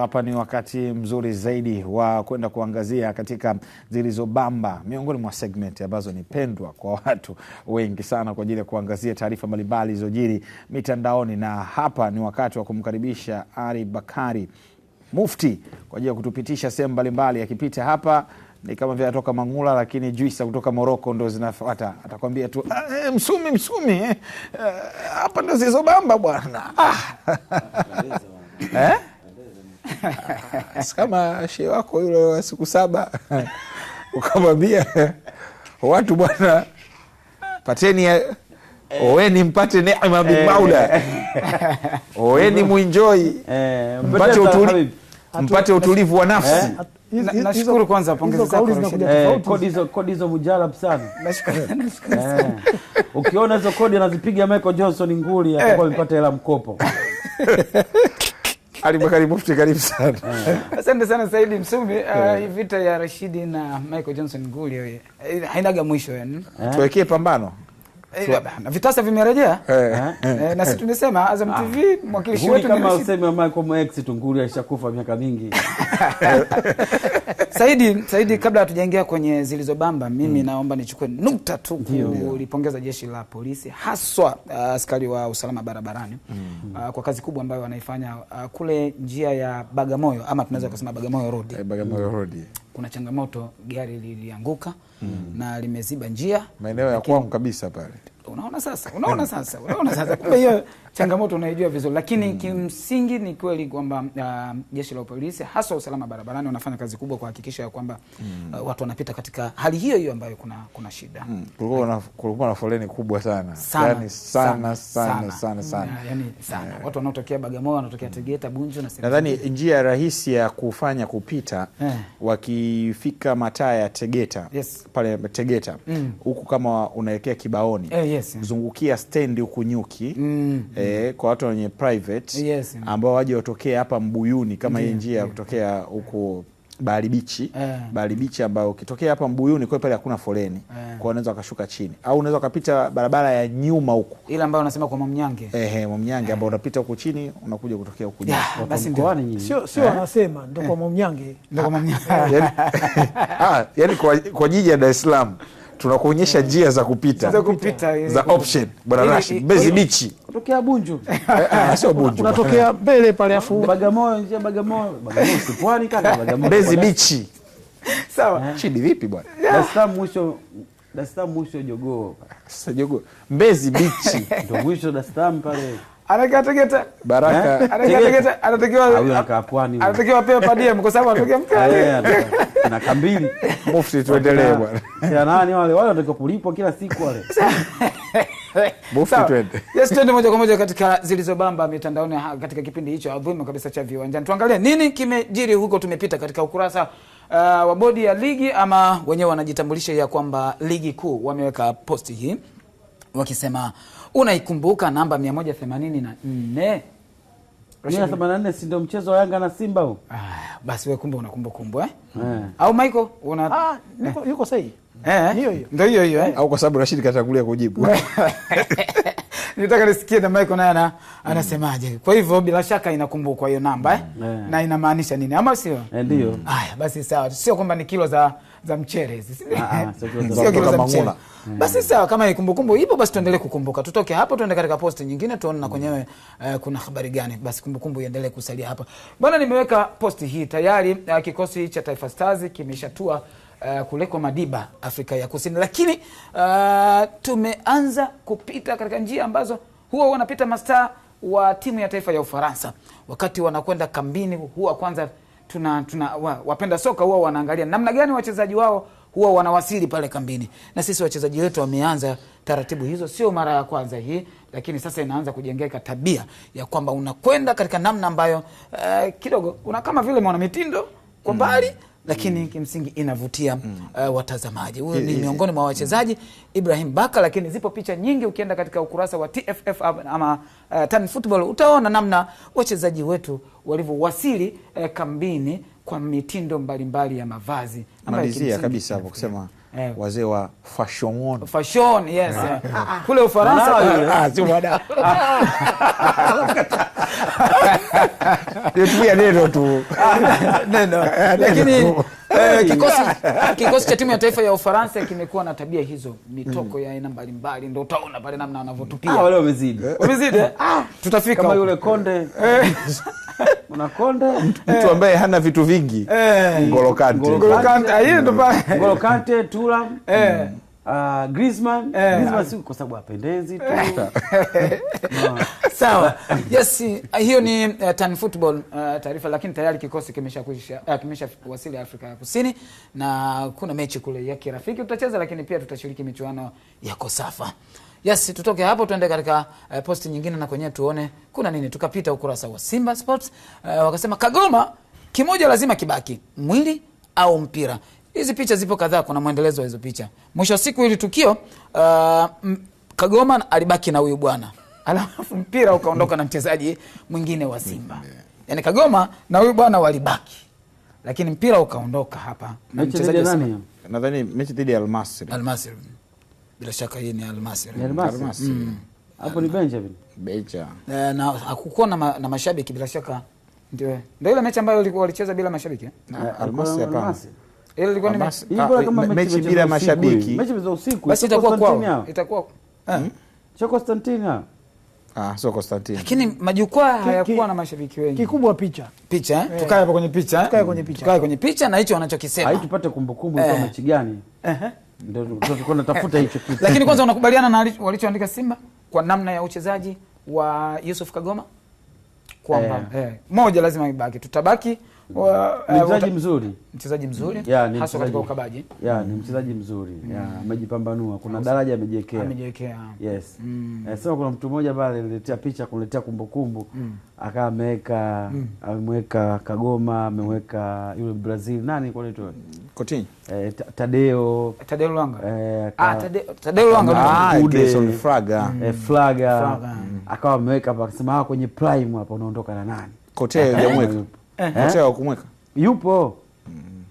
Hapa ni wakati mzuri zaidi wa kwenda kuangazia katika zilizobamba, miongoni mwa segmenti ambazo ni pendwa kwa watu wengi sana kwa ajili ya kuangazia taarifa mbalimbali zilizojiri mitandaoni, na hapa ni wakati wa kumkaribisha Ali Bakari Mufti kwa ajili ya kutupitisha sehemu mbalimbali. Akipita hapa ni kama vile atoka Mangula, lakini juisa kutoka Moroko ndo zinafata Atakwambia tu ah, eh, Msumi, Msumi eh, eh, hapa ndo zilizobamba bwana ah. eh? kama shee wako yule wa siku saba ukamwambia watu bwana, pateni oweni mpate nema bimaula eh. oweni eh. muinjoi eh, mpate utuli, mpate utulivu wa nafsi. Nashukuru kwanza, pongezi zako. Kodi hizo mujarab sana. Ukiona hizo kodi anazipiga Michael Johnson nguli, atakuwa hela mkopo Karibu karibu karibu sana. Asante sana Saidi Msumi. Uh, vita ya Rashidi na Michael Johnson nguli eh, hainaga mwisho yani. Tuwekee pambano Eh, eh, na vitasa vimerejea eh. na si tumesema Azam ah. TV mwakilishi wetu kama useme Malcolm X tunguri alishakufa miaka mingi. Saidi, Saidi, kabla hatujaingia kwenye zilizobamba, mimi mm, naomba nichukue nukta tu kulipongeza jeshi la polisi haswa uh, askari wa usalama barabarani hmm. uh, kwa kazi kubwa ambayo wanaifanya uh, kule njia ya Bagamoyo ama tunaweza hmm. kusema Bagamoyo Road. Bagamoyo Road kuna changamoto, gari lilianguka mm. na limeziba njia maeneo ya kwangu kabisa pale. Unaona sasa, unaona sasa, unaona sasa, kumbe hiyo changamoto unaijua vizuri, lakini mm. kimsingi ni kweli kwamba uh, jeshi la polisi hasa usalama barabarani wanafanya kazi kubwa kuhakikisha ya kwamba mm. uh, watu wanapita katika hali hiyo hiyo ambayo kuna, kuna shida mm. kulikuwa yaani na, kulikuwa na foleni kubwa sana sana yani, sana sana sana, sana, sana, sana. yani, sana. Yeah. watu wanaotokea Bagamoyo wanatokea Tegeta, Bunju na nadhani njia rahisi ya kufanya kupita eh. wakifika mataa ya Tegeta yes. pale Tegeta hmm. huku mm. kama unaelekea Kibaoni eh, yes. zungukia stendi huku Nyuki mm. eh, eh, kwa watu wenye private yes, ambao waje watokee hapa Mbuyuni kama hii njia ya kutokea huko Bahari Bichi yeah. Bahari Bichi ambayo ukitokea hapa Mbuyuni kwa pale hakuna foleni yeah. Kwa unaweza ukashuka chini au unaweza ukapita barabara ya nyuma huko ile ambayo unasema kwa Mamnyange eh, Mamnyange yeah. ambao unapita huko chini unakuja kutokea huko yeah. Kwa Basi mkoani nyinyi sio sio eh. wanasema ndio kwa Mamnyange ndio kwa Mamnyange ah, yani ah, yaani kwa kwa jiji la Dar es Salaam tunakuonyesha eh. njia za kupita za kupita za eh. option bwana Rashid Mbezi Bichi unatokea Bunju ah, ah, sio Bunju, unatokea mbele pale, afu Bagamoyo, njia Bagamoyo, Bagamoyo si pwani kaka, Bagamoyo Mbezi bichi. Sawa eh? Chidi, vipi bwana? Dar es Salaam mwisho Dar es Salaam mwisho jogoo. Sasa jogoo. Mbezi bichi. Ndio mwisho Dar es Salaam pale. Anakaa Tegeta. Baraka. Eh? Anakaa Tegeta, anatakiwa anakaa pwani. Anatakiwa pia padia kwa sababu anatokea mkali. Eh, Na kambili. Mufti tuendelee bwana. si nani wale? Wale wanatakiwa kulipwa kila siku wale. yes, moja kwa moja katika zilizobamba mitandaoni katika kipindi hicho adhimu kabisa cha Viwanjani. Tuangalie nini kimejiri huko. Tumepita katika ukurasa uh, wa bodi ya ligi ama wenyewe wanajitambulisha ya kwamba ligi kuu wameweka posti hii wakisema, unaikumbuka namba 184 bila 84 si ndio mchezo wa Yanga na Simba huu? Ah, basi wewe kumbe unakumba kumbe eh? Yeah. Au Michael una ah, yuko, yuko sahihi. Eh, eh. Hiyo hiyo. Ndio hiyo hiyo eh. eh. Au kwa sababu Rashid katangulia kujibu. Eh. Nitaka nisikie na Michael naye anasemaje. Kwa hivyo bila shaka inakumbukwa hiyo namba eh? Yeah. Na inamaanisha nini ama sio? Ndio. Mm. Haya basi sawa. Sio kwamba ni kilo za za mchele hizi ah, ah, sio kilo za Basi sawa, kama ikumbukumbu ipo basi tuendelee kukumbuka. Tutoke hapo tuende katika posti nyingine tuone na kwenyewe uh, kuna habari gani. Basi kumbukumbu iendelee kusalia hapa bwana. Nimeweka posti hii tayari. Uh, kikosi cha Taifa Stars kimeshatua uh, eh, kule Madiba, Afrika ya Kusini, lakini uh, tumeanza kupita katika njia ambazo huwa wanapita mastaa wa timu ya taifa ya Ufaransa wakati wanakwenda kambini. Huwa kwanza tuna, tuna wa, wapenda soka huwa wanaangalia namna gani wachezaji wao huwa wanawasili pale kambini, na sisi wachezaji wetu wameanza taratibu hizo, sio mara ya kwanza hii, lakini sasa inaanza kujengeka tabia ya kwamba unakwenda katika namna ambayo uh, kidogo una kama vile mwanamitindo kwa mm. mbali mm lakini mm. kimsingi inavutia mm. uh, watazamaji. Huyu ni miongoni mwa mm. wachezaji Ibrahim Baka, lakini zipo picha nyingi. Ukienda katika ukurasa wa TFF uh, ama uh, Tan Football utaona namna wachezaji wetu walivyowasili uh, kambini kwa mitindo mbalimbali mbali ya mavazi. Malizia kabisa hapo kusema eh, wazee wa fashion fashion, yes eh. ah, ah. kule Ufaransa ah, tumia neno tu neno lakini eh, kikosi, kikosi cha timu ya taifa ya Ufaransa kimekuwa na tabia hizo, mitoko mm. ya aina mbalimbali, ndio utaona pale namna wanavyotupia wale. Wamezidi, wamezidi, eh? tutafika kama yule Konde Mnakonda mtu ambaye hana vitu vingi eh, Ngolo Kante eh. mm. ah, eh. kwa sababu apendezi tu eh. Sawa, yes, hiyo ni uh, Tan Football uh, taarifa, lakini tayari kikosi kimesha uh, kimesha wasili Afrika ya Kusini na kuna mechi kule ya kirafiki tutacheza, lakini pia tutashiriki michuano ya Kosafa. Yes, tutoke hapo tuende katika uh, eh, posti nyingine na kwenyewe tuone kuna nini. Tukapita ukurasa wa Simba Sports uh, wakasema Kagoma kimoja lazima kibaki, mwili au mpira. Hizi picha zipo kadhaa, kuna mwendelezo wa hizo picha. Mwisho wa siku hili tukio uh, Kagoma alibaki na huyu bwana alafu mpira ukaondoka na mchezaji mwingine wa Simba. Yani Kagoma na huyu bwana walibaki, lakini mpira ukaondoka hapa na mchezaji nani? nadhani mechi dhidi ya Almasri, Almasri. Bila shaka hii ni Almasri, ni Almasri mm. hapo ni Benjamin Becha e, na hakukuwa na, ma, na mashabiki bila shaka. Ndio ndio ile mechi ambayo walicheza bila mashabiki na eh, Almasri hapa ile ilikuwa ni ah, mechi mechi bila mashabiki, mechi za usiku, basi itakuwa kwao, itakuwa eh? hmm? sio Constantina. Ah, sio Constantina, lakini majukwaa hayakuwa na mashabiki wengi. Kikubwa picha, picha eh, eh. tukae hapo kwenye picha, tukae kwenye picha, tukae kwenye picha na hicho wanachokisema, haitupate kumbukumbu kwa mechi gani eh ndio hicho kitu. Lakini kwanza unakubaliana na walichoandika Simba kwa namna ya uchezaji wa Yusuf Kagoma kwamba eh, eh, moja lazima ibaki, tutabaki ni eh, mchezaji mzuri, mchezaji mzuri hasa katika ukabaji. ya, ni mchezaji mzuri mm. amejipambanua, kuna daraja amejiwekea, amejiwekea. Yes, mm. eh, sema kuna mtu mmoja pale aliletea picha kuletea kumbukumbu, mm. akawa ameweka amemweka Kagoma, ameweka yule Brazil nani kwa leto Coutinho, eh, Tadeo Tadeo Lwanga, eh, ah Tadeo Lwanga, ah, Edison Fraga, eh, Fraga akawa ameweka hapa, akasema ah, kwenye prime hapa unaondoka na nani? Kote jamweka Eh. kocha wa kumweka yupo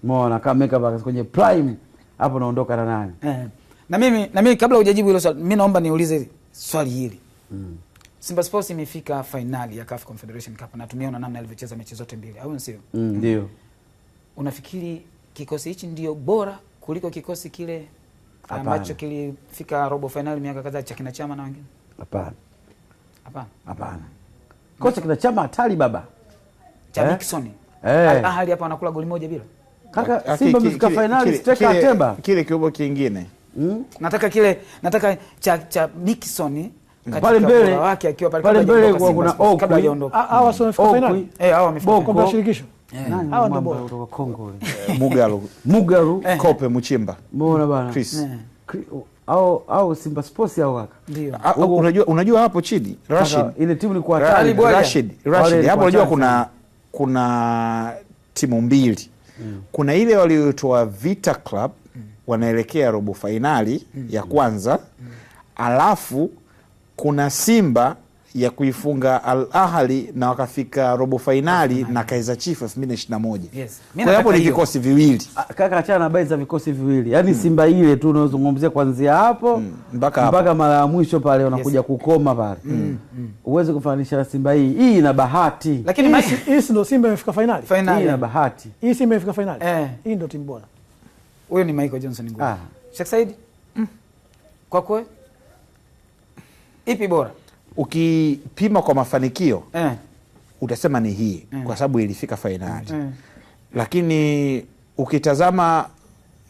mona kameka baka kwenye prime hapo, naondoka na nani eh. Na mimi na mimi kabla hujajibu hilo swali, mimi naomba niulize swali hili mm. Simba Sports imefika finali ya CAF Confederation Cup na tumeona namna alivyocheza mechi zote mbili, au sio? Mm, ndio mm. Unafikiri kikosi hichi ndio bora kuliko kikosi kile ambacho kilifika robo finali miaka kadhaa cha kina Chama na wengine? Hapana, hapana, hapana. Kocha kina Chama hatari baba cha eh? Dickson eh. Al Ahly hapa wanakula goli moja bila kaka. Simba mfika finali striker Atemba kile kiubo kingine mm? nataka kile nataka cha cha Dickson pale mbele wake akiwa pale pale mbele kwa kuna Oku kabla hajaondoka. Hawa sio mfika finali eh, hawa wamefika Boko kwa shirikisho eh. Eh, hawa ndio bora kutoka Kongo eh. Mugalu Mugalu Kope Muchimba, muona bana Chris au au Simba Sports au kaka, ndio unajua, unajua hapo chini Rashid, ile timu ni kwa Rashid Rashid hapo, unajua kuna kuna timu mbili mm. kuna ile walioitoa Vita Club mm. wanaelekea robo fainali mm. ya kwanza mm. alafu kuna Simba ya kuifunga Al ahali na wakafika robo fainali na kaiza chief elfu mbili na na moja. Yes. Hapo ni vikosi viwili ah, kaka, achana na habari za vikosi viwili yaani hmm. Simba ile tu unaozungumzia kwanzia hapo hmm. mpaka mara ya mwisho pale wanakuja yes. kukoma pale hmm. Hmm uweze kufanisha na Simba hii hii ina bahati, lakini hii si ndo Simba imefika Finali. Hii ina bahati, hii Simba imefika finali. eh. Hii ndo timu bora. Huyo ni Michael Johnson Nguli. Ah. Sheikh Said, mm. kwe? ipi bora ukipima kwa mafanikio eh? Utasema ni hii eh, kwa sababu ilifika finali. eh. Lakini ukitazama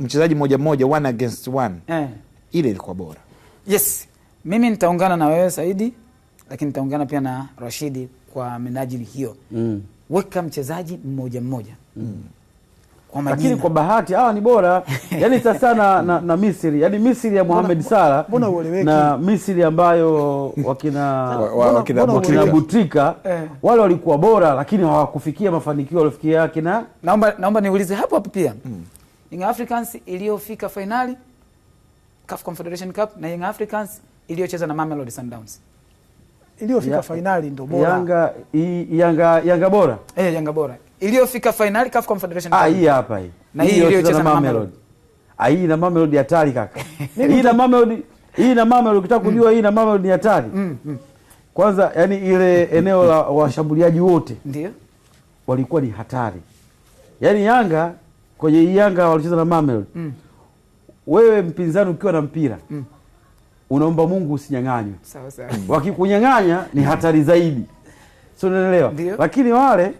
mchezaji mmoja mmoja, one against one eh, ile ilikuwa bora. Yes, mimi nitaungana na wewe Saidi lakini nitaungana pia na Rashidi kwa minajili hiyo mm. Weka mchezaji mmoja mmoja mm. kwa majina, lakini kwa bahati hawa ni bora yani sasa na, na, na Misri yani Misri ya Mohamed Salah mbona na Misri ambayo wakina wakina Butrika, Butrika eh. wale walikuwa bora lakini hawakufikia mafanikio waliofikia akina. Naomba, naomba niulize hapo hapo pia mm. Young Africans iliyofika finali CAF Confederation Cup na Young Africans iliyocheza na Mamelodi Sundowns iliyofika ya, fainali ndio bora. Yanga i, Yanga Yanga bora. Eh, Yanga bora. Iliyofika fainali CAF Confederation Cup. Ah, hii hapa hii. Na hii iliyocheza na Mamelodi. Ah, hii na Mamelodi hatari kaka. hii na Mamelodi hii na Mamelodi ukitaka mm. kujua hii na Mamelodi ni hatari. Mm, mm. Kwanza yani ile eneo la washambuliaji wote. Ndio. Walikuwa ni hatari. Yaani Yanga kwenye Yanga walicheza na Mamelodi. Mm. Wewe mpinzani ukiwa na mpira. Mm unaomba Mungu usinyang'anywe. Wakikunyang'anya ni hatari zaidi, sio? Unaelewa? Lakini wale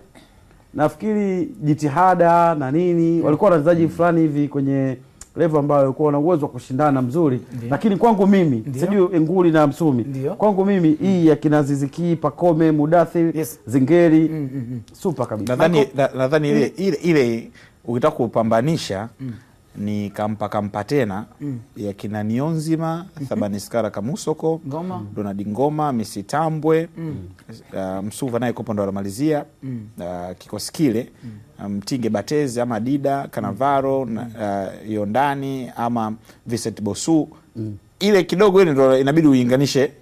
nafikiri jitihada na nini mm. walikuwa wachezaji fulani hivi kwenye level ambayo walikuwa wana uwezo wa kushindana mzuri. Dio. Lakini kwangu mimi sijui nguli na msumi. Kwangu mimi mm. hii ya kina Pakome, mudathi yes. Zingeri mm, mm, mm. super kabisa. Nadhani nadhani mm. ile ile ukitaka kupambanisha mm ni kampa kampa tena mm. ya kina Nionzima mhm. Thabaniskara Kamusoko Ngoma. Mm. Donadi Ngoma Misitambwe mm. mm. uh, Msuva naye kopo ndo anamalizia mm. uh, kikosi kile Mtinge mm. um, ama Dida Kanavaro mm. uh, Yondani ama vicent Bosu mm. ile kidogo ile ndo inabidi uinganishe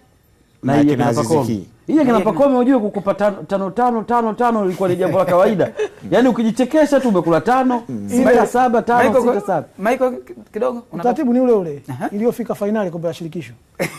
na, na kina Azizi Ki. Ile kina Pakome ujue kukupa tano tano tano tano ilikuwa ni jambo la kawaida Mm. Yaani ukijichekesha tu umekula tano, mm. sita, saba, tano, sita, saba. Maiko kidogo utaratibu ni ule ule iliyofika fainali kombe la shirikisho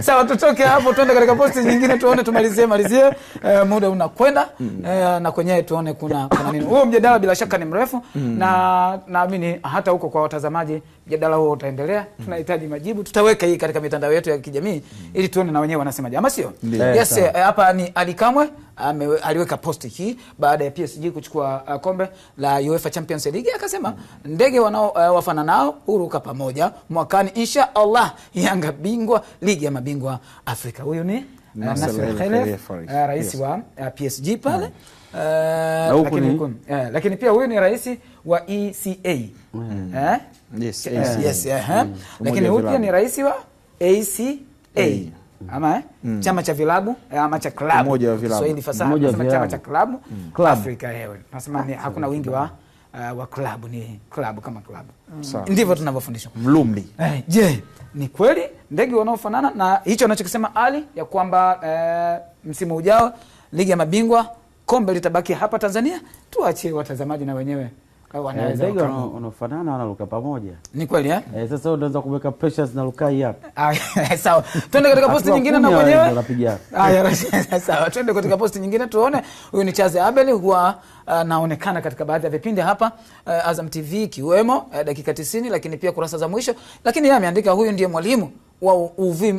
Sawa, tutoke hapo tuende katika posti nyingine tuone tumalizie malizie eh, muda unakwenda mm. eh, na kwenyewe tuone kuna kuna nini. Huo mjadala bila shaka ni mrefu na naamini hata huko kwa watazamaji mjadala huo utaendelea. Tunahitaji majibu, tutaweka hii katika mitandao yetu ya kijamii ili tuone na wenyewe wanasemaje, ama sio? Yes, eh, hapa ni Alikamwe ame, aliweka posti hii baada ya PSG kuchukua uh, kombe la UEFA Champions League akasema, ndege wanao uh, wafana nao huruka pamoja, mwakani insha Allah Yanga bingwa ligi ya mabingwa Afrika. Huyu ni Nasser Khelef uh, rais yes. wa uh, PSG pale mm. Uh, lakini, uh, lakini pia huyu ni rais wa ECA mm. uh, yes, uh, yes, uh, mm. lakini huyu pia ni rais wa ACA mm. Mm. ama eh? mm. chama cha vilabu eh, ama cha klabu Swahili fasaha chama cha klabu mm. Afrika Hewe nasema ni ah, hakuna wingi wa uh, wa klabu ni klabu kama klabu mm. ndivyo tunavyofundishwa Mlumbi eh, je ni kweli ndege wanaofanana na hicho anachokisema Ali ya kwamba eh, msimu ujao ligi ya mabingwa kombe litabaki hapa Tanzania tuachie watazamaji na wenyewe Eh, ndege wanafanana wanaruka pamoja, ni kweli eh? Eh, sasa unaanza kuweka pressure zinarukai hapa. Sawa, twende katika posti nyingine na mwenyewe unapigana. Haya, sawa, twende katika posti nyingine tuone. Huyu ni Chaze Abel, huwa anaonekana uh, katika baadhi ya vipindi hapa uh, Azam TV ikiwemo uh, dakika 90, lakini pia kurasa za mwisho, lakini yeye ameandika huyu ndiye mwalimu wa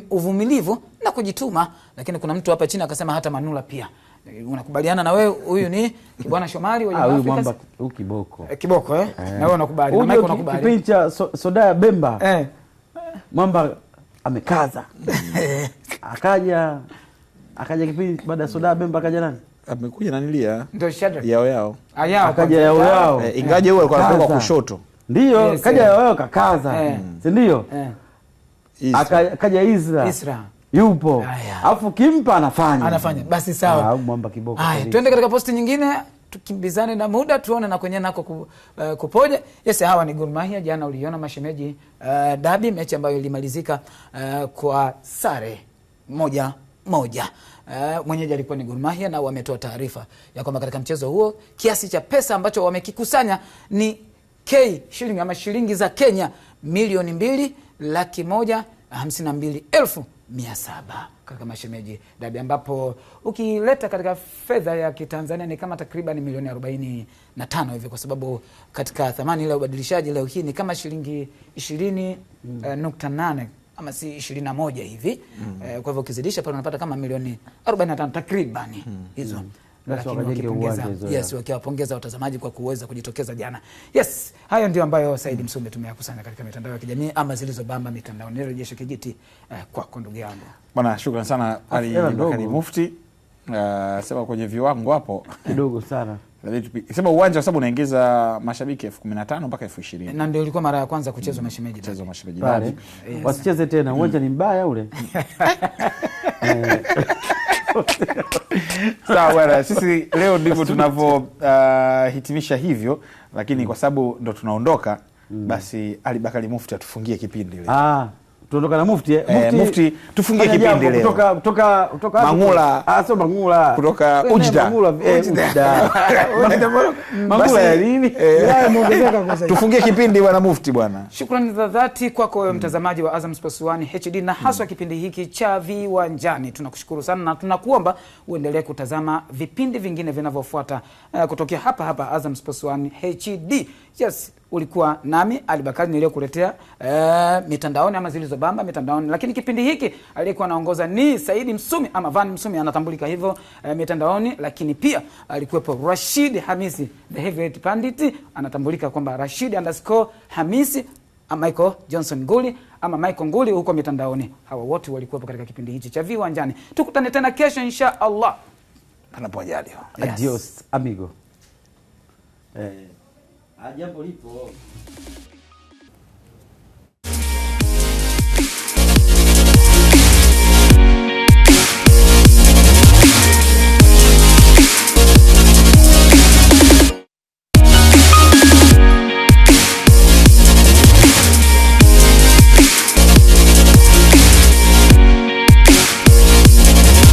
uvumilivu na kujituma, lakini kuna mtu hapa chini akasema hata Manula pia Eh, unakubaliana na wewe, huyu ni Bwana Shomari wa Afrika. Ah, huyu mwamba huyu kiboko. Eh, kiboko eh? eh. Na wewe unakubali. Na unakubali. Kipindi cha so, soda ya Bemba. Eh. Mwamba amekaza. akaja akaja kipindi baada ya soda ya Bemba akaja nani? Amekuja nanilia. Ndio Shadrack. Yao yao. Ayao. Ah, akaja yao yao. Eh, ingaje wewe alikuwa anatoka kushoto. Ndio, yes, kaja eh. yao yao kakaza. Eh. Si ndio? Eh. Akaja Isra. Isra yupo alafu kimpa anafanya anafanya. Basi sawa, mwamba kiboko. Haya, tuende katika posti nyingine, tukimbizane na muda, tuone na kwenye nako ku, uh, kupoje. Yes, hawa ni Gor Mahia. Jana uliona mashemeji uh, eh, dabi, mechi ambayo ilimalizika uh, kwa sare moja moja. Uh, mwenyeji alikuwa ni Gor Mahia na wametoa taarifa ya kwamba katika mchezo huo kiasi cha pesa ambacho wamekikusanya ni K shilingi ama shilingi za Kenya milioni mbili laki moja hamsini na mbili elfu mia saba katika mashemeji dabi, ambapo ukileta katika fedha ya Kitanzania ni kama takriban milioni arobaini na tano hivi, kwa sababu katika thamani ile ubadilishaji leo hii ni kama shilingi ishirini mm. uh, nukta nane ama si ishirini na moja hivi mm. uh, kwa hivyo ukizidisha pale unapata kama milioni arobaini na tano takribani mm. hizo mm yes, wakiwapongeza watazamaji kwa kuweza kujitokeza jana. Yes, hayo ndio ambayo Saidi Msume tumeyakusanya katika mitandao ya kijamii ama zilizobamba mitandao. Nirejeshe kijiti eh, kwako ndugu yangu bwana. Shukran sana ah, Ali Bakari Mufti. Uh, sema kwenye viwango hapo kidogo sana sema uwanja, kwa sababu unaingiza mashabiki elfu kumi na tano mpaka elfu ishirini na ndio ilikuwa mara ya kwanza kuchezwa mashemeji mashemeji pale, wasicheze tena uwanja ni mbaya ule eh. Sawa bwana, sisi leo ndivyo tunavyohitimisha uh, hivyo, lakini mm. kwa sababu ndo tunaondoka mm. basi Ali Bakari Mufti atufungie kipindi Ah tuondoka na mufti eh, mufti, eh, mufti tufungie kipindi leo kutoka kutoka kutoka Mangula ah, sio Mangula kutoka eh, eh, Ujda Mangula eh, Ujda Mangula ya nini eh, wilaya Tufungie kipindi bwana mufti bwana. Shukrani za dhati kwako wewe mtazamaji wa Azam Sports 1 HD na haswa mm. kipindi hiki cha Viwanjani, tunakushukuru sana na tunakuomba uendelee kutazama vipindi vingine vinavyofuata uh, kutokea hapa hapa Azam Sports 1 HD. Yes, ulikuwa nami Alibakari niliyokuletea ee, eh, mitandaoni ama zilizobamba mitandaoni, lakini kipindi hiki aliyekuwa anaongoza ni Saidi Msumi ama Van Msumi anatambulika hivyo e, mitandaoni, lakini pia alikuwepo Rashid Hamisi the heavyweight pandit anatambulika kwamba Rashid underscore Hamisi Michael Johnson Nguli ama Michael Nguli huko mitandaoni. Hawa wote walikuwepo katika kipindi hichi cha Viwanjani. Tukutane tena kesho insha Allah, panapo majaliwa. Yes. Adios amigo eh. Ah, jambo lipo.